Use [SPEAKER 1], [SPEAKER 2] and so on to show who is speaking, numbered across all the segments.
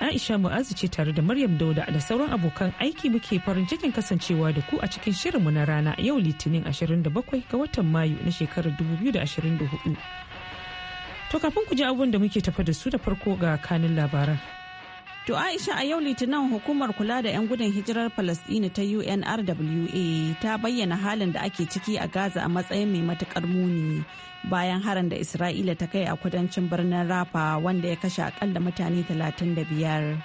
[SPEAKER 1] Aisha Mu'azu ce tare da Maryam Dauda da sauran abokan aiki muke farin cikin kasancewa da ku a cikin shirinmu na rana yau Litinin 27 ga watan Mayu na shekarar 2024. To kafin ku ji abin da muke tafa da su da farko ga kanin labaran.
[SPEAKER 2] To Aisha a yau Litinin hukumar kula da 'yan gudun hijirar Falasɗini ta UNRWA ta bayyana halin da ake ciki a Gaza a matsayin mai matukar muni bayan harin da Isra'ila ta kai a kudancin birnin Rafa wanda ya kashe akalla mutane 35.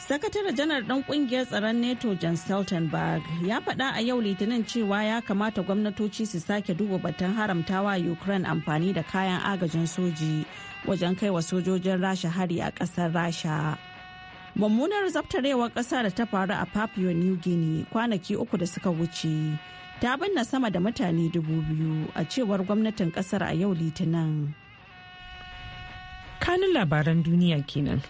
[SPEAKER 2] Sakatare janar ɗan ƙungiyar tsaron NATO Jan Stoltenberg ya faɗa a yau Litinin cewa ya kamata gwamnatoci su sake duba batun haramtawa Ukraine amfani da kayan agajin soji wajen kai wa sojojin Rasha hari a ƙasar Rasha. mummunar zaftarewar ƙasa da ta faru a papua new guinea kwanaki uku da suka wuce ta binne sama da mutane dubu biyu a cewar gwamnatin ƙasar a yau litinin kanin labaran duniya
[SPEAKER 1] kenan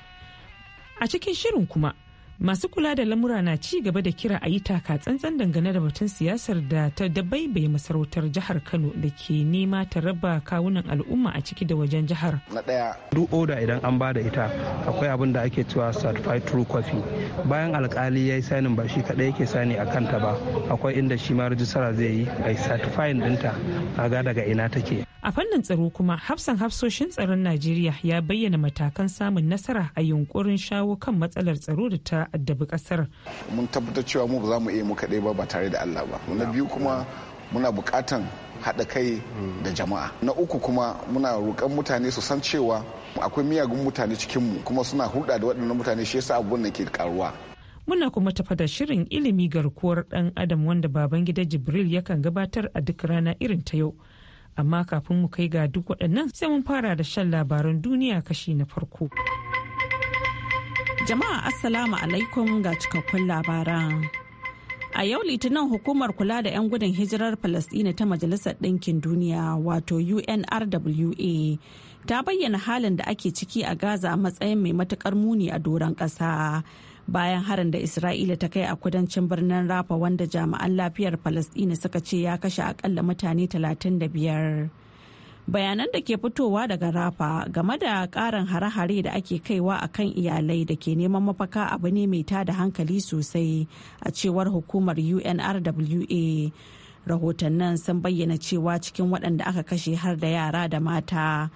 [SPEAKER 1] a cikin shirin kuma masu kula da lamura na ci gaba da kira a yi taka tsantsan dangane da batun siyasar da ta dabaibai masarautar jihar kano da ke nema ta raba kawunan al'umma a ciki da wajen jihar
[SPEAKER 3] na daya
[SPEAKER 4] duk oda idan an bada ita akwai abin da ake cewa certified true coffee bayan alkali ya yi sanin ba shi kadai yake sani a kanta ba akwai inda shi ma rajistara zai yi a certifying dinta a ga daga ina take
[SPEAKER 1] a fannin tsaro kuma hafsan hafsoshin tsaron najeriya ya bayyana matakan samun nasara a yunkurin shawo kan matsalar tsaro da ta addabi kasar
[SPEAKER 3] mun tabbatar cewa mu ba za mu iya mu kaɗai ba ba tare da allah ba na biyu kuma muna buƙatan haɗa kai da jama'a na uku kuma muna roƙon mutane su san cewa akwai miyagun mutane cikinmu kuma suna hulɗa da waɗannan mutane shi yasa abubuwan da ke karuwa
[SPEAKER 1] muna kuma tafa da shirin ilimi garkuwar ɗan adam wanda babangida jibril yakan gabatar a duk rana irin ta yau amma kafin mu kai ga duk waɗannan sai mun fara da shan labaran duniya kashi na farko.
[SPEAKER 2] Jama'a Assalamu alaikum ga cikakkun labaran. A yau Litinin hukumar kula da 'yan gudun hijirar Falasɗina ta Majalisar Ɗinkin Duniya wato UNRWA ta bayyana halin da ake ciki a Gaza a matsayin mai matukar muni a doron ƙasa bayan harin da isra'ila ta kai a kudancin birnin rafa wanda jami'an lafiyar Palestina suka ce ya kashe akalla mutane 35 bayanan da ke fitowa daga rafa game da karin hare-hare da ake kaiwa a kan iyalai da ke neman mafaka abu ne mai da hankali sosai a cewar hukumar unrwa rahotannin sun bayyana cewa cikin waɗanda aka kashe har da yara da mata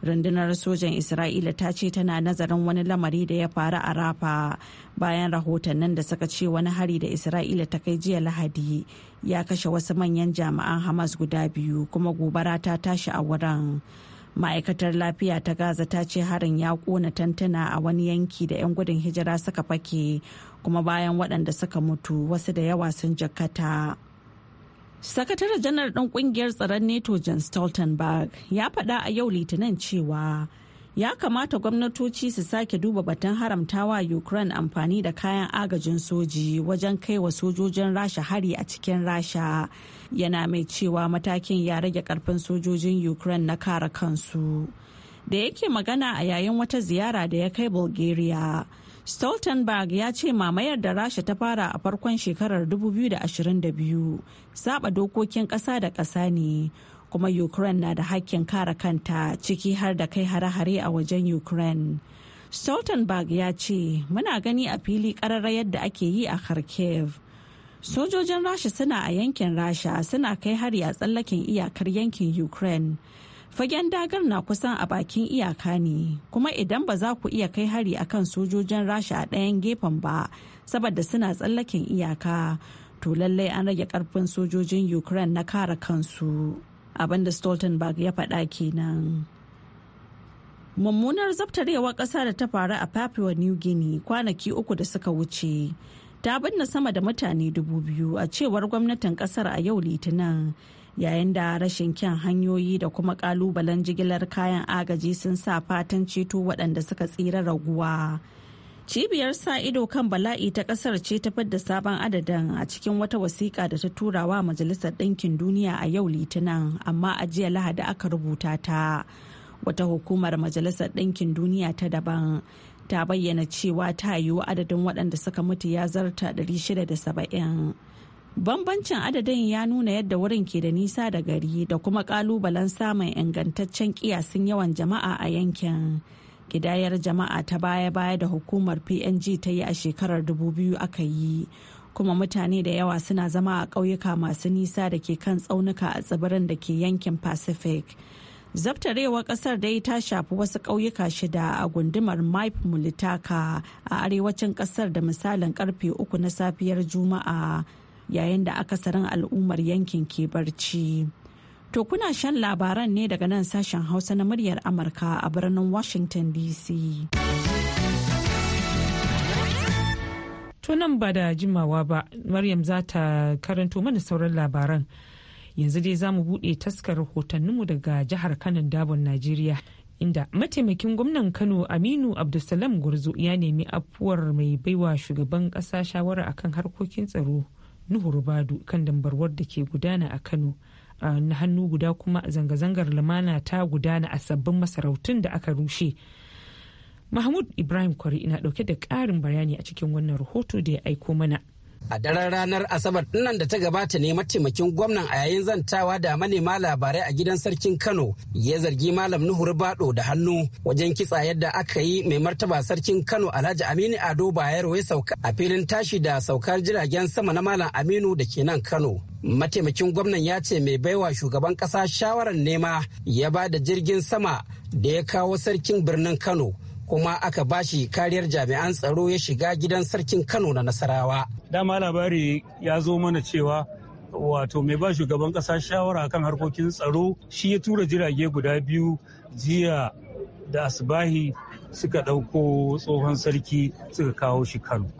[SPEAKER 2] rundunar sojan isra'ila ta ce tana nazarin wani lamari da ya faru a rafa bayan rahotannin da suka ce wani hari da isra'ila ta kai jiya lahadi ya kashe wasu manyan jami'an hamas guda biyu kuma gobara ta tashi a wurin ma'aikatar lafiya ta gaza ta ce harin ya kona tantana a wani yanki da 'yan gudun hijira suka fake kuma bayan waɗanda suka mutu wasu da yawa sun jakata. sakatare janar ɗin ƙungiyar tsaron nato Jan stoltenberg ya faɗa a yau litinin cewa ya kamata gwamnatoci su sake duba batun haramtawa ukraine amfani da kayan agajin soji wajen kai wa sojojin rasha hari a cikin rasha yana mai cewa matakin ya rage karfin sojojin ukraine na kara kansu da yake magana a yayin wata ziyara da ya kai bulgaria Stoltenberg ya ce mamayar da Rasha ta fara a farkon shekarar 2022 saba dokokin ƙasa da ƙasa ne, kuma Ukraine na da hakkin kare kanta ciki har da kai hare-hare a wajen Ukraine. Stoltenberg ya ce, "Muna gani a fili ƙararra yadda ake yi a Kharkiv. Sojojin Rasha suna a yankin Rasha suna kai hari a tsallaken iyakar yankin Ukraine. fagen dagar na kusan a bakin iyaka ne kuma idan ba za ku iya kai hari akan sojojin rasha a ɗayan gefen ba saboda suna tsallaken iyaka to lallai an rage karfin sojojin ukraine na kara kansu abinda stoltenberg ya faɗa kenan mummunar zabtarewar ƙasa da ta faru a papua new guinea kwanaki uku da suka wuce ta binne sama da mutane dubu biyu a cewar gwamnatin ƙasar a yau litinin yayin da rashin kyan hanyoyi da kuma kalubalen jigilar kayan agaji sun sa fatan ceto waɗanda suka tsira raguwa cibiyar sa ido kan bala'i ta kasar ce ta fadda sabon adadin a cikin wata wasiƙa da ta tura wa majalisar ɗinkin duniya a yau litinin amma a jiya lahadi aka rubuta ta wata hukumar majalisar ɗinkin duniya ta daban ta bayyana cewa ta yiwu adadin waɗanda suka mutu ya zarta 670 Bambancin adadin ya nuna yadda wurin ke da nisa da gari da kuma kalubalen samun ingantaccen kiyasin yawan jama'a a yankin. Gidayar jama'a ta baya-baya da hukumar PNG ta yi a shekarar 2000 aka yi, kuma mutane da yawa suna zama a ƙauyuka masu nisa da ke kan tsaunuka a tsibirin da ke yankin Pacific. zabtarewar kasar dai ta shafi wasu ƙauyuka shida a gundumar maip mulitaka a arewacin kasar da misalin karfe uku na safiyar juma'a yayin da akasarin al'ummar yankin ke barci. To kuna shan labaran ne daga nan sashen Hausa na muryar Amurka a birnin Washington DC. to nan ba
[SPEAKER 1] da jimawa ba, Maryam za ta karanto mana sauran labaran. Yanzu dai za mu buɗe taskar rahotanninmu daga jihar Kanon Dabon Najeriya. inda mataimakin gwamnan kano aminu abdulsalam gurzu ya nemi afuwar mai baiwa shugaban kasa shawara akan harkokin tsaro nuhu rubadu kan dambarwar da ke gudana a kano na hannu guda kuma zanga-zangar lamana ta gudana a sabbin masarautun da aka rushe mahmud ibrahim kwari ina dauke da ƙarin bayani a cikin wannan rahoto da ya aiko mana
[SPEAKER 5] A daren ranar Asabar dinnan da ta gabata ne mataimakin gwamnan a yayin zantawa da manema labarai a gidan sarkin Kano ya zargi Malam Nuhur Bado da hannu wajen kitsa yadda aka yi mai martaba sarkin Kano Alhaji Aminu Ado Bayero ya sauka a filin tashi da saukar jiragen sama na Malam Aminu da ke nan Kano. Mataimakin gwamnan ya ce mai baiwa shugaban kasa shawarar nema ya ba da jirgin sama da ya kawo sarkin birnin Kano. kuma aka bashi kariyar jami'an tsaro ya shiga gidan sarkin kano na nasarawa
[SPEAKER 6] dama labari ya zo mana cewa wato mai ba shugaban kasa shawara kan harkokin tsaro shi ya tura jirage guda biyu jiya da asibahi suka ɗauko tsohon sarki suka kawo shi kano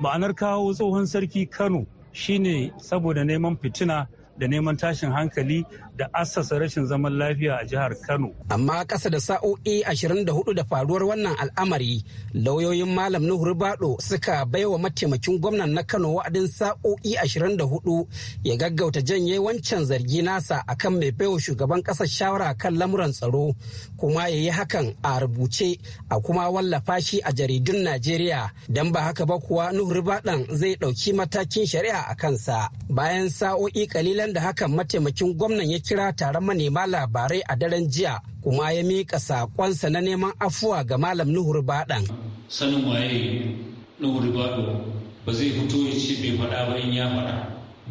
[SPEAKER 6] ma'anar kawo tsohon sarki kano shine saboda neman fitina da neman tashin hankali
[SPEAKER 5] da assasa rashin zaman lafiya a jihar Kano. Amma ƙasa da sa'o'i 24 da faruwar wannan al'amari, lauyoyin Malam Nuhu Ribado suka baiwa mataimakin gwamnan na Kano wa'adin sa'o'i 24 ya gaggauta janye wancan zargi nasa akan mai baiwa shugaban ƙasar shawara kan lamuran tsaro, kuma ya yi hakan a rubuce a kuma wallafa shi a jaridun Najeriya. Dan ba haka ba kuwa Nuhu Ribadon zai ɗauki matakin shari'a a kansa. Bayan sa'o'i kalilan da hakan mataimakin gwamnan yake kira taron manema labarai a daren jiya kuma ya mika sakonsa na neman afuwa ga malam nuhur baɗan.
[SPEAKER 6] sanin waye nuhur baɗo ba zai fito ya ce bai faɗa ba in ya faɗa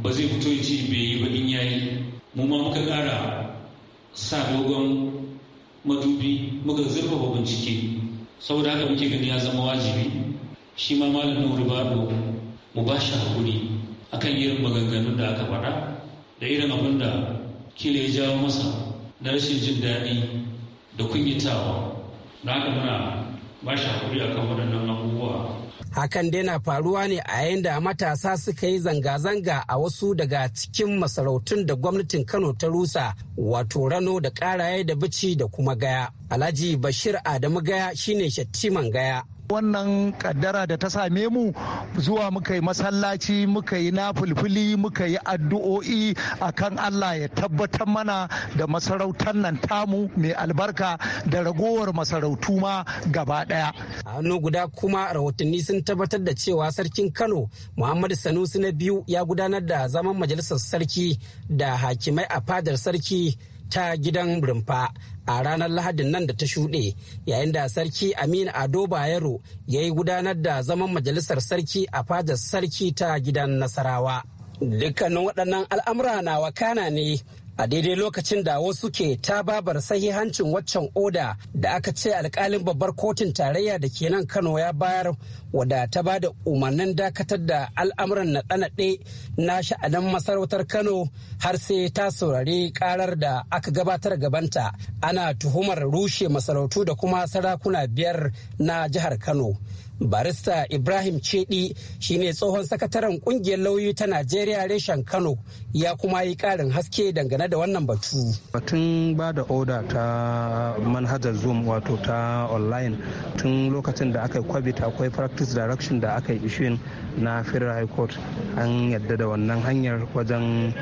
[SPEAKER 6] ba zai fito ya ce bai yi ba in ya yi mu ma muka ƙara sa dogon madubi muka zurfafa bincike saboda haka muke gani ya zama wajibi shi ma malam nuhur baɗo mu ba shi hakuri akan irin maganganun da aka faɗa da irin abin da kila ya jawo masa na rashin jin daɗi da kunyatawa na haka muna ba shi hakuri akan waɗannan abubuwa
[SPEAKER 5] hakan dai na faruwa ne a yayin da matasa suka yi zanga-zanga a wasu daga cikin masarautun da gwamnatin kano ta rusa wato rano da ƙaraye da bici da kuma gaya alhaji bashir adamu
[SPEAKER 4] gaya shine shattiman gaya wannan kaddara da ta same mu zuwa muka yi masallaci muka yi nafulfuli muka yi addu'o'i akan allah ya tabbatar mana da masarautar nan tamu mai albarka da ragowar masarautu ma
[SPEAKER 5] gaba daya a hannu guda kuma rahotanni sun tabbatar da cewa sarkin kano muhammadu sanusi na biyu ya gudanar da zaman majalisar sarki da hakimai a fadar sarki ta gidan rumfa a ranar lahadin nan da ta shuɗe yayin da sarki aminu ado bayero ya yi gudanar da zaman majalisar sarki a fadar sarki ta gidan nasarawa dukkanin waɗannan al'amura na wakana ne a daidai lokacin da wasu ke ta babar sahihancin waccan oda da aka ce alkalin babbar kotun tarayya da ke nan kano ya bayar wadda ta ba da umarnin dakatar da al'amuran na ɗanaɗe na sha'anin masarautar kano har sai ta saurari karar da aka gabatar gabanta ana tuhumar rushe masarautu da kuma sarakuna biyar na jihar kano barista ibrahim cedi shine tsohon sakataren kungiyar lauyoyi ta najeriya reshen kano ya kuma yi karin haske dangane da wannan
[SPEAKER 4] batu batun ba da oda ta manhajar zoom wato ta online tun lokacin da aka yi kwabita akwai practice direction da aka yi ishin na federal high court an yadda da wannan hanyar wajen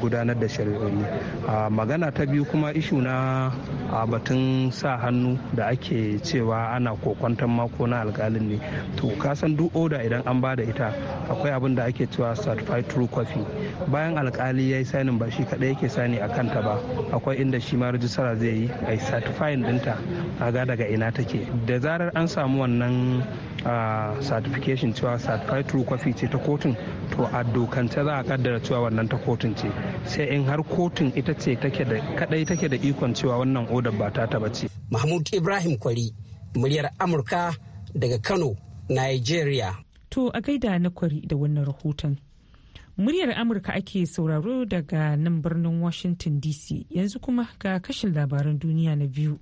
[SPEAKER 4] gudanar da shari'o'i magana ta biyu kuma ishu na batun sa hannu da ake cewa ana kokwanton mako na alkalin ne to ka san duk oda idan an ba da ita akwai abin da ake cewa certified true coffee bayan alkali ya yi sanin ba shi kadai yake sani a kanta ba akwai inda shi ma rajistara zai yi a yi certifying dinta a ga daga ina take da zarar an samu wannan certification cewa certified true coffee ce ta kotun to a dokance za a kaddara cewa wannan ta kotun ce sai in har kotun ita ce take da kadai take da ikon cewa wannan odar ba ta taba ce
[SPEAKER 5] mahmud ibrahim kwari muryar amurka daga Kano, Nigeria.
[SPEAKER 1] To a gaida na kwari da wannan rahoton. Muryar Amurka ake sauraro daga nan birnin Washington DC yanzu kuma ga kashin labaran duniya na biyu.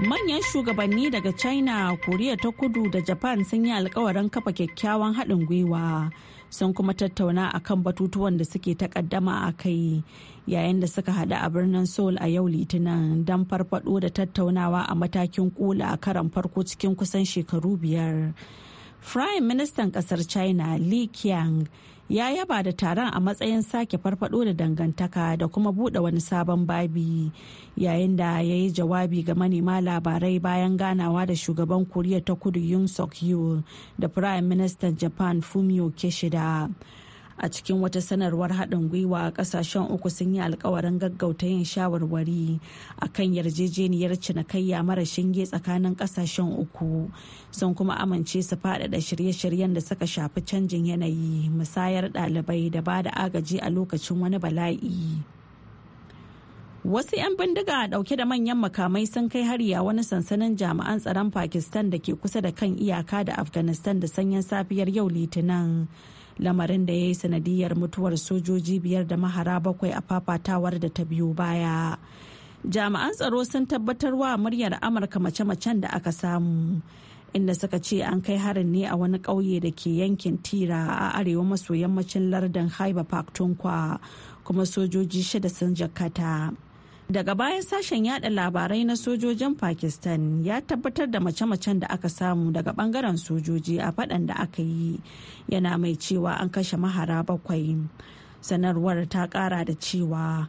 [SPEAKER 2] Manyan shugabanni daga China, Koriya ta kudu da Japan sun yi alkawarin kafa kyakkyawan haɗin gwiwa sun kuma tattauna a kan batutuwan da suke takaddama a kai yayin da suka hada a birnin seoul a yau litinin don farfado da tattaunawa a matakin kula a karan farko cikin kusan shekaru biyar prime ministan kasar china li qiang ya yaba da taron a matsayin sake farfado da dangantaka da kuma bude wani sabon babi yayin da ya yi jawabi ga manema labarai bayan ganawa da shugaban koriya ta kudu yun suk da firayim ministan japan fumio kishida a cikin wata sanarwar haɗin gwiwa ƙasashen uku sun yi alkawarin gaggauta yin shawarwari a kan yarjejeniyar cinikayya mara shinge tsakanin ƙasashen uku sun kuma amince su faɗaɗa shirye-shiryen da suka shafi canjin yanayi musayar ɗalibai da ba da agaji a lokacin wani bala'i. Wasu 'yan bindiga ɗauke da manyan makamai sun kai hari a wani sansanin jami'an tsaron Pakistan da ke kusa da kan iyaka da Afghanistan da sanyin safiyar yau Litinin. lamarin da ya yi sanadiyar mutuwar sojoji biyar da mahara bakwai a fafatawar da ta biyo baya jami'an tsaro sun tabbatar wa muryar amurka mace-macen da aka samu inda suka ce an kai harin ne a wani ƙauye da ke yankin tira a arewa maso yammacin lardin haiba park tunkwa kuma sojoji shida sun jakata. daga bayan sashen yada labarai na sojojin pakistan ya tabbatar da mace-macen da aka samu daga bangaren sojoji a fadan da aka yi yana mai cewa an kashe mahara bakwai sanarwar ta kara da cewa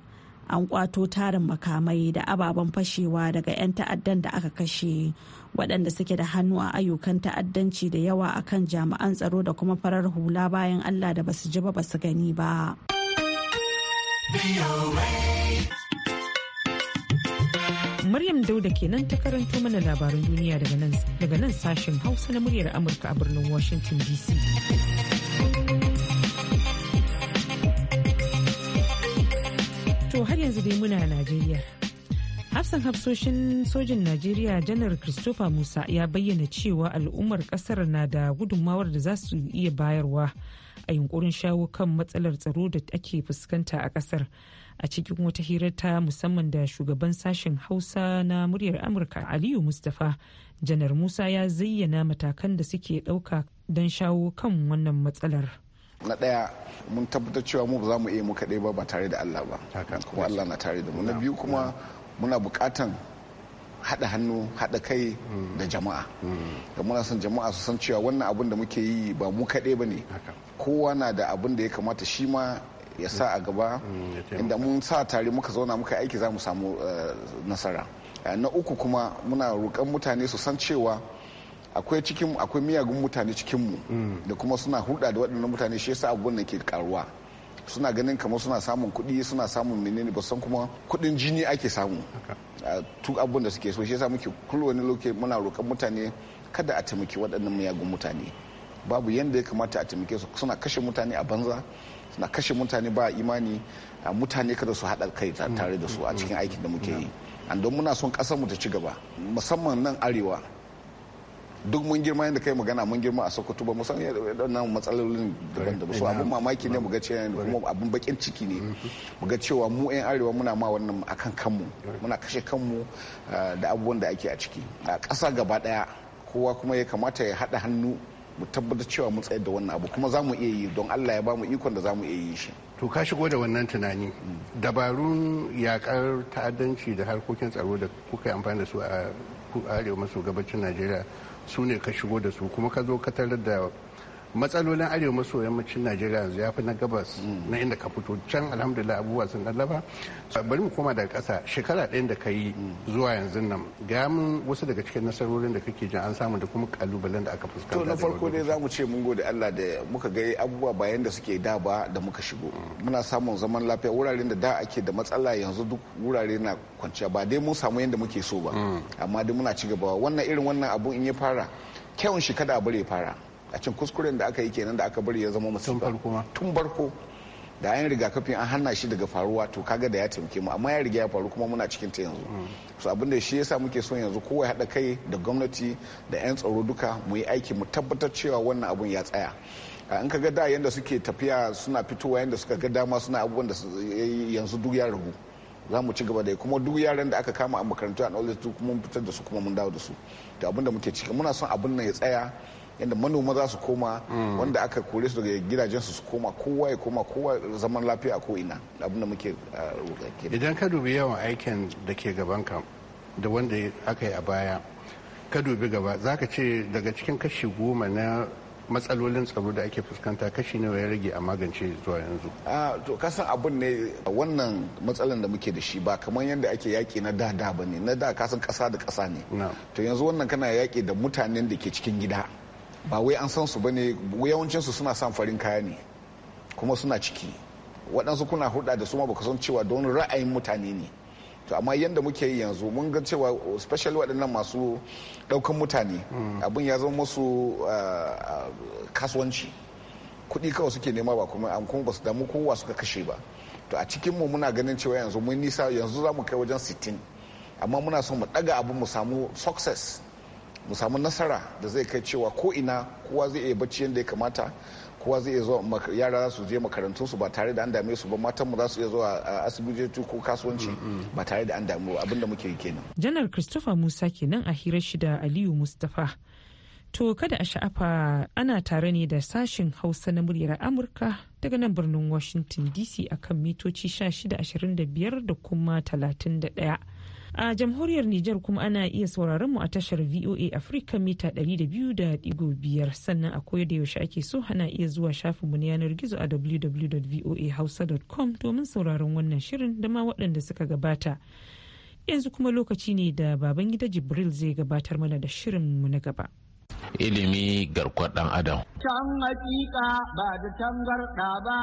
[SPEAKER 2] an kwato tarin makamai da ababen fashewa daga 'yan ta'addan da aka kashe waɗanda suke da hannu a ayyukan ta'addanci da yawa a kan jami'an tsaro da kuma farar hula bayan allah da basu ji ba basu gani ba. Maryam Dauda
[SPEAKER 1] kenan ta karanto mana labaran duniya daga nan sashen Hausa na muryar Amurka a birnin Washington DC. To har yanzu dai muna Najeriya. Hafsan hafsoshin sojin Najeriya janar Christopher Musa ya bayyana cewa al'ummar kasar na da gudunmawar da za su iya bayarwa a yunkurin shawo kan matsalar tsaro da ake fuskanta a kasar. a cikin wata hirar ta musamman da shugaban sashen hausa na muryar amurka aliyu mustapha janar musa ya zayyana matakan da suke ɗauka don shawo kan wannan matsalar
[SPEAKER 3] na ɗaya mun tabbatar cewa mu ba za mu iya mu kaɗai ba tare da allah ba kuma allah na tare da mu na biyu kuma muna buƙatan haɗa hannu haɗa kai hmm. da jama'a hmm. da muna son jama'a su san cewa wannan abin da muke yi ba mu kaɗai ba ne kowa na da abin da ya kamata shi ma ya sa a gaba mm, inda mun sa tare muka zauna muka aiki za mu samu eh, nasara eh, na uku kuma muna roƙon mutane su san cewa akwai cikin akwai miyagun mutane cikinmu mm. da kuma suna hulɗa da waɗannan mutane shi yasa abubuwan da ke karuwa suna ganin kamar suna samun kuɗi suna samun menene ba san kuma kuɗin jini ake samu a tuk eh, abubuwan da suke so shi yasa muke kowane loke muna roƙon mutane kada a taimaki waɗannan miyagun mutane babu yadda ya kamata a taimake su suna kashe mutane a banza suna kashe mutane ba imani mutane kada su haɗa kai tare da su a cikin aikin da muke yi don muna son mu ta ci gaba musamman nan arewa duk mun girma yadda kai magana mun girma a sokoto ba musan nan matsalolin daban da su abun mamaki ne muga cewa kuma abun bakin ciki ne mm-hmm. muga cewa mu yan arewa muna ma wannan akan kanmu muna kashe kanmu eh, da abubuwan da ake a ciki a ƙasa gaba ɗaya kowa kuma ya kamata ya haɗa hannu mu tabbatar cewa mu tsayar da wannan abu kuma za mu iya yi don allah ya ba mu ikon da za mu iya yi shi to ka shigo da wannan tunani dabarun yakar ta'addanci da harkokin tsaro da kuka yi amfani da su a arewa maso gabacin najeriya su ne ka shigo da su kuma ka zo ka tarar da matsalolin arewa maso yammacin najeriya yanzu ya fi na gabas na inda ka fito can alhamdulillah abubuwa sun lallaba bari mu koma daga ƙasa shekara ɗayan da ka yi zuwa yanzu nan ga mun wasu daga cikin nasarorin da kake jin an samu da kuma kalubalen da aka fuskanta to na farko ne za mu ce mun gode Allah da muka ga abubuwa bayan da suke da ba da muka shigo muna samun zaman lafiya wuraren da da ake da matsala yanzu duk wurare na kwanciya ba dai mun samu yadda muke so ba mm. amma dai muna ci gaba wannan irin wannan abun in ya fara kyawun shi kada a bare fara a cin kuskuren da aka yi kenan da aka bari ya zama musiba tun farko da an rigakafin an hana shi daga faruwa to kaga da ya taimake mu amma ya riga ya faru kuma muna cikin ta yanzu so abin da shi yasa muke son yanzu kowa hada kai da gwamnati da 'yan tsaro duka mu yi aiki mu tabbatar cewa wannan abun ya tsaya in ka ga da yanda suke tafiya suna fitowa yanda suka ga dama suna abubuwan da yanzu duk ya ragu za mu ci gaba da kuma duk yaran da aka kama a makarantu a knowledge kuma mun fitar da su kuma mun dawo da su to abin da muke ciki muna son abin nan ya tsaya yadda manoma za su koma mm. wanda aka kore su daga gidajensu su koma kowa ya koma kowa zaman lafiya ko ina abin da muke uh, idan ka dubi yawan aikin da ke gaban ka da wanda aka yi a baya ka dubi gaba za ka ce daga cikin kashi goma na matsalolin tsaro da ake fuskanta kashi nawa ya rage a magance zuwa yanzu a ah, to kasan abun ne wannan matsalan da muke da shi ba kamar yadda ake yaƙi na da da ne na da kasan kasa da kasa ne to yanzu wannan kana yaki da mutanen da ke cikin gida ba wai an san su ba ne yawancinsu suna san farin kaya ne kuma suna ciki waɗansu kuna hulɗa da su ma baka san cewa don ra'ayin mutane ne to amma yadda muke yi yanzu mun ga cewa special waɗannan masu ɗaukan mutane hmm. abin ya zama masu ah, ah, kasuwanci kuɗi kawai suke nema ba kuma an kuma basu damu kowa suka kashe ba to a cikin mu muna ganin cewa yanzu mun nisa yanzu za mu kai wajen 60 amma muna son mu ɗaga abin mu samu success mu samu nasara da zai kai cewa ko ina kowa zai iya bacci yadda ya kamata kowa zai iya zuwa yara za su je makarantun su ba tare da an dame su ba matan mu za su iya zuwa asibitoci ko kasuwanci mm, mm, mm. ba tare da an ba abinda muke yi kenan
[SPEAKER 1] janar christopher musa kenan a hirar shi da aliyu mustapha To kada a sha'afa ana tare ne da sashen Hausa na muryar Amurka daga nan birnin Washington DC akan mitoci 1625 da kuma 31. a jamhuriyar Nijar kuma ana iya sauraron mu a tashar VOA Africa mita 200.5 sannan a koyar da yaushe ake so ana iya zuwa shafin mu na yanar gizo a www.voahausa.com domin sauraron wannan shirin da ma waɗanda suka gabata. Yanzu kuma lokaci ne da baban gida Jibril zai gabatar mana da shirin mu na gaba.
[SPEAKER 7] Ilimi garkuwar ɗan Adam.
[SPEAKER 3] Can hakika ba da tangarɗa ba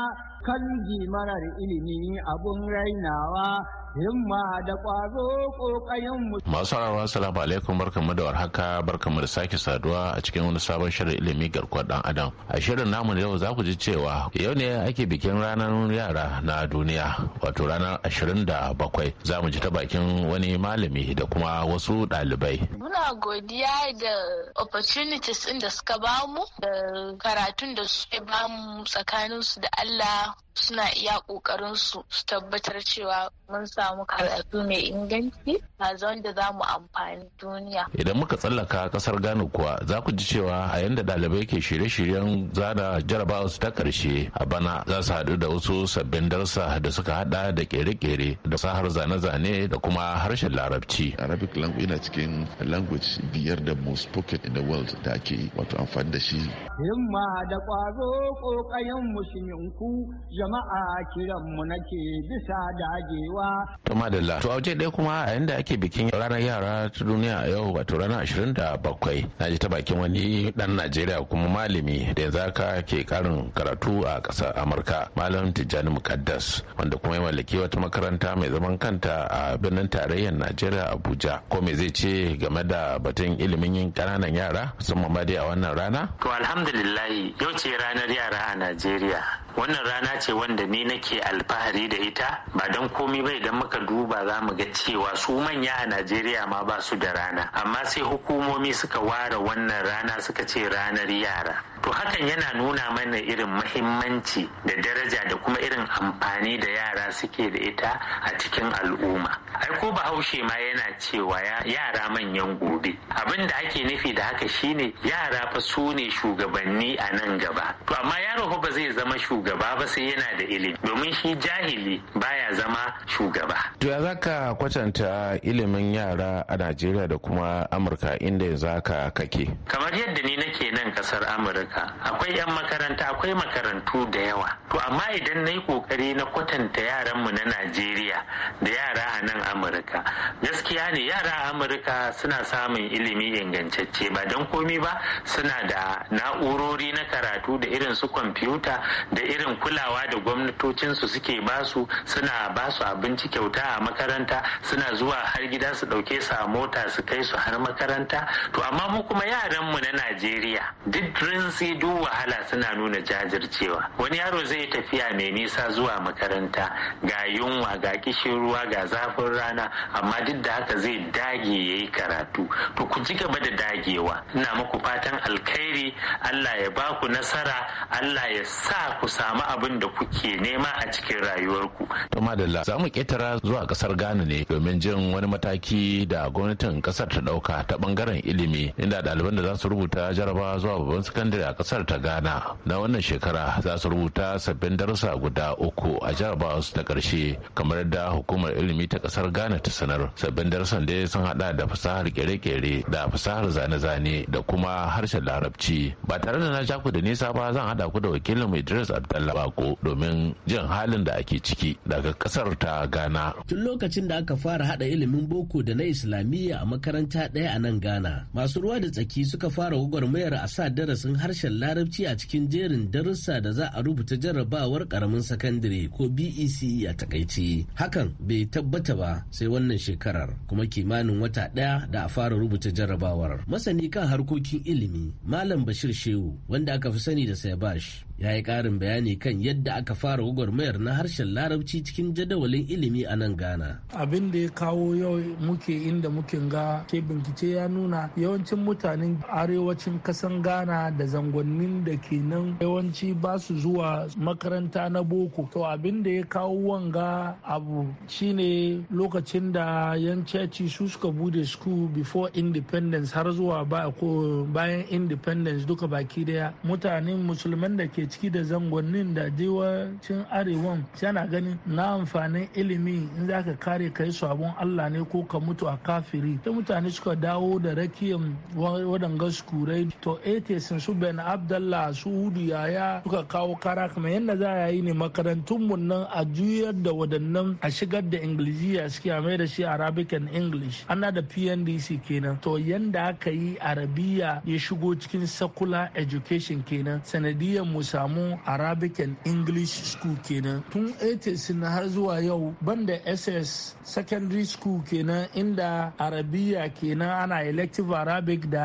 [SPEAKER 3] kan marar ilimi abun rainawa himma da ƙwazo mu. Masu sauraro
[SPEAKER 7] assalamu alaikum barkamu da warhaka barkamu da sake saduwa a cikin wani sabon shirin ilimi garkuwar dan adam. A shirin namu yau za ku ji cewa yau ne ake bikin ranar yara na duniya wato ranar ashirin da bakwai, za mu ji ta bakin wani malami da kuma wasu ɗalibai.
[SPEAKER 2] Muna godiya da opportunities ɗin da suka bamu da karatun da suke bamu tsakaninsu da Allah suna iya ƙoƙarinsu su tabbatar cewa mun samu karatu mai inganci a da za mu amfani duniya.
[SPEAKER 7] Idan muka tsallaka kasar Ghana kuwa za ku ji cewa a yanda ɗalibai ke shirye-shiryen zana jarabawar su ta ƙarshe a bana za su haɗu da wasu sabbin darsa da suka
[SPEAKER 8] haɗa da ƙere-ƙere da sahar zane-zane da kuma harshen larabci. Arabic language yana cikin language biyar da most spoken in the world da ake wato amfani da shi.
[SPEAKER 3] Himma da ƙwazo ƙoƙayen musulminku jama'a kiranmu nake bisa dagewa
[SPEAKER 7] To madalla. To a ɗaya kuma a yanda ake bikin ranar yara ta duniya a yau wato ranar ashirin da bakwai na ji ta bakin wani ɗan Najeriya kuma malami da yanzu haka ke karin karatu a ƙasar Amurka malam Tijjani Mukaddas wanda kuma ya mallaki wata makaranta mai zaman kanta a birnin tarayyar Najeriya Abuja. Ko me zai ce game da batun ilimin yin ƙananan yara musamman ma dai a wannan rana?
[SPEAKER 6] To alhamdulillah yau ce ranar yara a Najeriya. wannan rana ce wanda ni nake alfahari da ita ba don komi ba idan muka duba za mu ga cewa su manya a najeriya ma ba su da rana amma sai hukumomi suka ware wannan rana suka ce ranar yara to hakan yana nuna mana irin mahimmanci da daraja da kuma irin amfani da yara suke da ita a cikin al'umma ai ko bahaushe ma yana cewa yara manyan gobe abin da ake nufi da haka shine yara fa su ne shugabanni a nan gaba to amma yaro fa ba zai zama shugaba ba sai yana da ilimi domin shi jahili baya zama shugaba
[SPEAKER 7] to ya zaka kwatanta ilimin yara a Najeriya da kuma Amurka inda zaka kake
[SPEAKER 6] kamar yadda ni nake nan kasar Amurka Afirka akwai 'yan makaranta akwai makarantu da yawa to amma idan na yi kokari na kwatanta yaranmu na najeriya da yara a nan amurka gaskiya ne yara a amurka suna samun ilimi ingantacce ba don komi ba suna da na'urori na karatu da irin su kwamfuta da irin kulawa da gwamnatocinsu suke basu suna basu abinci kyauta a makaranta suna zuwa har gida su ɗauke su a mota su kai su har makaranta to amma mu kuma yaranmu na najeriya duk sai duk wahala suna nuna jajircewa wani yaro zai tafiya mai nisa zuwa makaranta ga yunwa ga kishin ruwa ga zafin rana amma duk da haka zai dage ya yi karatu to ku ci gaba da dagewa ina muku fatan alkhairi allah ya ba ku nasara allah ya sa ku samu abin da kuke nema a cikin rayuwarku
[SPEAKER 7] to madalla za mu ketara zuwa kasar ghana ne domin jin wani mataki da gwamnatin kasar ta dauka ta bangaren ilimi inda ɗaliban da za su rubuta jarabawa zuwa babban sakandare a kasar ta ghana na wannan shekara za su rubuta sabbin darussa guda uku a jihar su ta karshe kamar da hukumar ilimi ta kasar ghana ta sanar sabbin darussan dai sun hada da fasahar kere-kere da fasahar zane-zane da kuma harshen larabci ba tare da na ja ku da nisa ba zan hada ku da wakilin idris abdallah bako domin jin halin da ake ciki daga kasar ta ghana
[SPEAKER 9] tun lokacin da aka fara hada ilimin boko da na islamiyya a makaranta daya a nan ghana masu ruwa da tsaki suka fara gwagwarmayar a sa darasin harshen harshen larabci a cikin jerin darussa da za a rubuta jarrabawar karamin sakandare ko BEC e a takaice. Hakan bai tabbata ba sai wannan shekarar kuma kimanin wata ɗaya da a fara rubuta jarrabawar. Masani kan harkokin ilimi Malam Bashir Shehu wanda aka fi sani da Saibash ya yi ƙarin bayani kan yadda aka fara gwagwarmayar na harshen larabci cikin jadawalin ilimi a nan gana.
[SPEAKER 10] abin da ya kawo yau muke inda muke ga ke bincike ya nuna yawancin mutanen arewacin kasan ghana da zangonnin da ke nan yawanci ba su zuwa makaranta na boko to abin da ya kawo wanga abu shine lokacin da yan ceci su suka bude school before independence har zuwa bayan independence duka baki daya mutanen musulman da ke ke ciki da zangonnin da jewacin arewan yana ganin na amfanin ilimi in za ka kare kai sabon allah ne ko ka mutu a kafiri sai mutane suka dawo da rakiyan waɗanga skurai to sun su ben abdallah su hudu yaya suka kawo kara kamar yadda za a yi ne makarantunmu nan a juyar da waɗannan a shigar da ingiliziya suke a mai da shi arabic and english ana da pndc kenan to yanda aka yi arabiya ya shigo cikin secular education kenan sanadiyar musa samu arabic and english school kenan tun 80s na har zuwa yau banda ss secondary school kenan inda arabiya kenan ana elective arabic da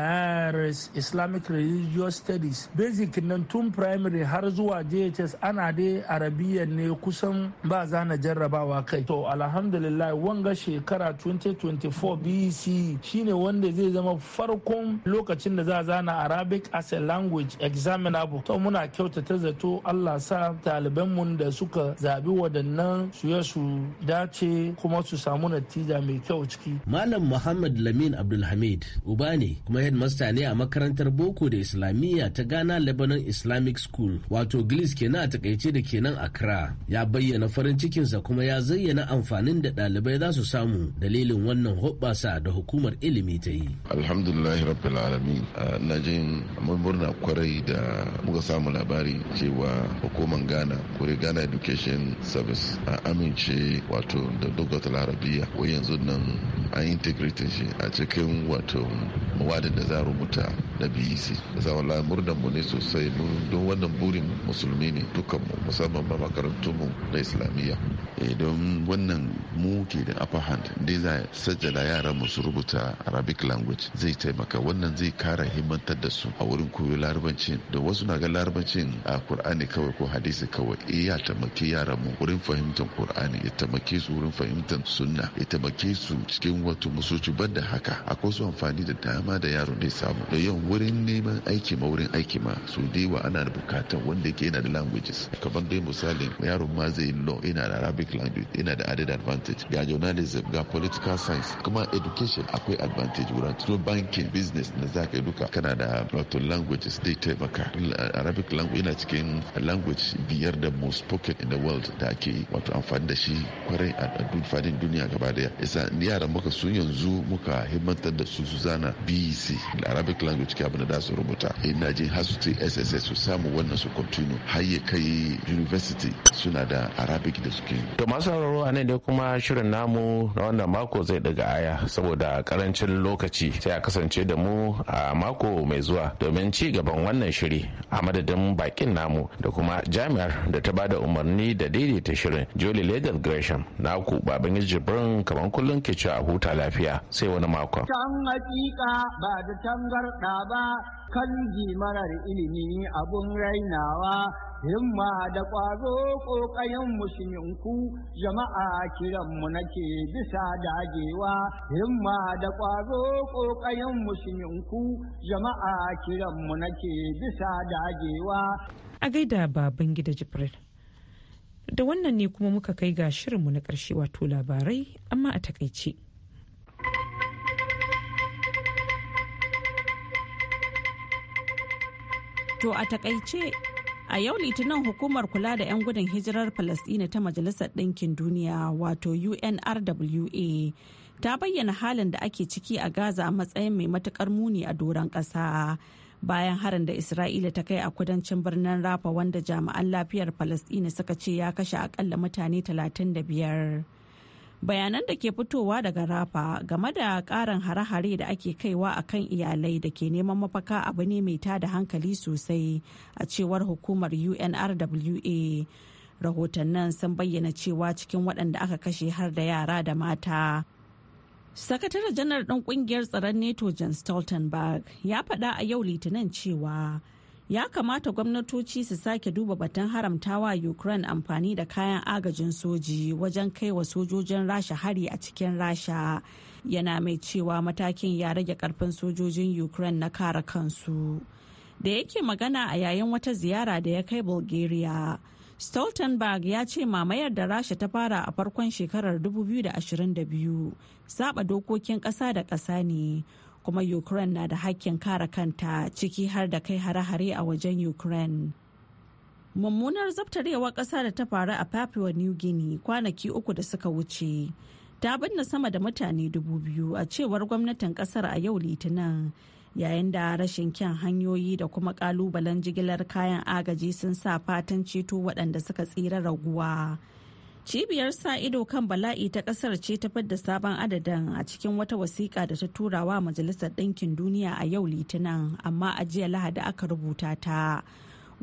[SPEAKER 10] irs islamic religious studies basic nan tun primary har zuwa jhs ana dai arabiya ne kusan ba zana jarrabawa kai to alhamdulillah wanga shekara 2024 bc e shine wanda zai zama farkon lokacin da za zana arabic as a language examinable to muna kyauta kyautata zato allah sa ɗalibanmu da suka zabi waɗannan su ya
[SPEAKER 9] su dace kuma su samu natija mai kyau ciki malam muhammad lamin abdulhamid uba ne kuma headmaster ne a makarantar boko da islamiyya ta ghana lebanon islamic school wato glis kenan a takaice da kenan accra ya bayyana farin cikinsa kuma ya zayyana amfanin da ɗalibai za su samu dalilin wannan hoɓɓasa da hukumar ilimi ta
[SPEAKER 8] yi alhamdulillah rabbil alamin ah, na jin mun murna kwarai da muka samu labari cewa hukumar ghana kuri ghana education service a amince wato da dogot larabiya wai yanzu nan an integrate shi a cikin wato mawadin da za rubuta da bec za wala mu ne sosai don wannan burin musulmi ne mu, musamman ba makarantunmu na islamiyya eh, don wannan mu ke da upper hand dai za sajjala yaran mu su rubuta arabic language zai taimaka wannan zai kara himmantar da su a wurin koyo larabancin, da wasu na ga larabancin a Kur'ani kawai ko hadisi kawai eh, ya taimaki yara mu wurin fahimtar Kur'ani ya taimake su wurin fahimtar sunna ya taimake su cikin wato musulci da haka akwai su amfani da dama da yaro ne samu da yau wurin neman aiki ma wurin aiki ma su dewa ana da bukatar wanda yake yana da languages kamar dai misalin yaron ma zai law yana da Arabic language yana da added advantage ga journalism ga political science kuma education akwai advantage wurin to banking business na zaka duka kana da wato languages dai taimaka Arabic language yana cikin language biyar da most spoken in the world da ake wato amfani da shi kwarai a fadin duniya gaba daya isa n'i yaran muka sun yanzu muka himmantar da su su zana bec arabic language ke da su rubuta ina jin har su ce sss su samu wannan su continue har ya kai university suna da arabic da suke to masu
[SPEAKER 7] sauraro a nan dai kuma shirin namu na wannan mako zai daga aya saboda karancin lokaci sai a kasance da mu a mako mai zuwa domin ci gaban wannan shiri a madadin ba. bakin namu da kuma jami'ar da ta bada umarni da daidaita shirin joli legal gresham na ku baban jibrin kamar kullum ke a huta lafiya sai wani makon.
[SPEAKER 3] can hakika ba da tangarda ba kanji marar ilimi abun rainawa himma da ƙwazo ƙoƙayen musulminku jama'a kiranmu nake bisa dagewa himma da ƙwazo ƙoƙayen musulminku jama'a kiranmu nake bisa dagewa
[SPEAKER 1] a gaida baban gida jibril da wannan ne kuma muka kai ga shirinmu na ƙarshe wato labarai amma a takaice.
[SPEAKER 2] To a takaice a yau litinin hukumar kula da 'yan gudun hijirar Falasɗina ta Majalisar Ɗinkin Duniya wato UNRWA ta bayyana halin da ake ciki a Gaza a matsayin mai matukar muni a doron ƙasa. bayan harin da Isra'ila ta kai a kudancin birnin Rafa wanda jami'an lafiyar Falasɗina suka ce ya kashe akalla mutane 35. bayanan da ke fitowa daga rafa game da karin hare-hare da ake kaiwa a kan iyalai da ke neman mafaka abu ne mai ta da hankali sosai a cewar hukumar unrwa rahotannin sun bayyana cewa cikin waɗanda aka kashe har da yara da mata sakatare janar ɗin ƙungiyar tsaron neto john stoltenberg ya faɗa a yau litinin cewa ya kamata gwamnatoci su sake duba batun haramtawa ukraine amfani da kayan agajin soji wajen kai wa sojojin rasha hari a cikin rasha yana mai cewa matakin ya rage karfin sojojin ukraine na kara kansu da yake magana a yayin wata ziyara da ya kai bulgaria stoltenberg ya ce mamayar da rasha ta fara a farkon shekarar 2022 saba dokokin ƙasa da ƙasa ne kuma ukraine na da hakkin kare kanta ciki har da kai hare-hare a wajen ukraine mummunar zabtarewar ƙasa da ta faru a papua new guinea kwanaki uku da suka wuce ta binne sama da mutane dubu biyu a cewar gwamnatin ƙasar a yau litinin yayin da rashin kyan hanyoyi da kuma kalubalen jigilar kayan agaji sun sa fatan ceto waɗanda suka tsira raguwa. Cibiyar sa ido kan bala'i ta kasar ce ta fadda sabon adadin a cikin wata wasiƙa da ta tura wa Majalisar Ɗinkin Duniya a yau Litinin, amma a jiya Lahadi aka rubuta ta.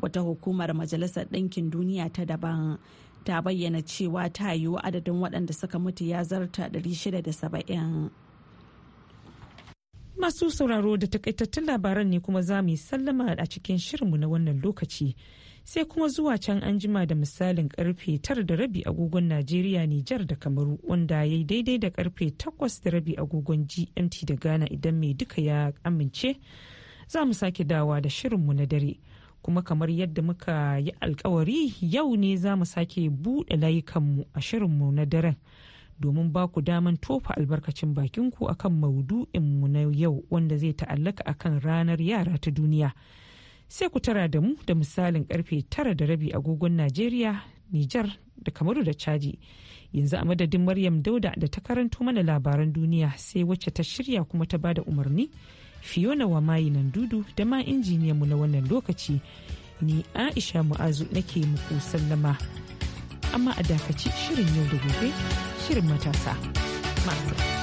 [SPEAKER 2] Wata hukumar Majalisar Ɗinkin Duniya ta daban ta bayyana cewa ta yiwu adadin waɗanda suka mutu ya zarta 670.
[SPEAKER 1] Masu sauraro da takaitattun labaran ne kuma za mu yi sallama a cikin shirinmu na wannan lokaci. sai kuma zuwa can an jima da misalin karfe tara da rabi agogon najeriya nijar da kamaru wanda ya yi daidai da karfe takwas da rabi agogon gmt da ghana idan mai duka ya amince za mu sake dawa da shirinmu na dare kuma kamar yadda muka yi alkawari yau ne za mu sake buɗe layukanmu a shirinmu na daren domin ba ku daman tofa albarkacin bakinku akan maudu'inmu na yau wanda zai ta'allaka akan ranar yara ta duniya. sai ku tara da mu da misalin karfe tara da rabi agogon Najeriya, Nijar da Kamaru da Chadi. Yanzu a madadin Maryam Dauda da ta karanto mana labaran duniya sai wacce ta shirya kuma ta bada umarni. Fiona wa mayi nan dudu da ma injiniyan mu na wannan lokaci ni Aisha Mu'azu nake muku sallama. Amma a dakaci shirin yau da gobe shirin matasa. Masu.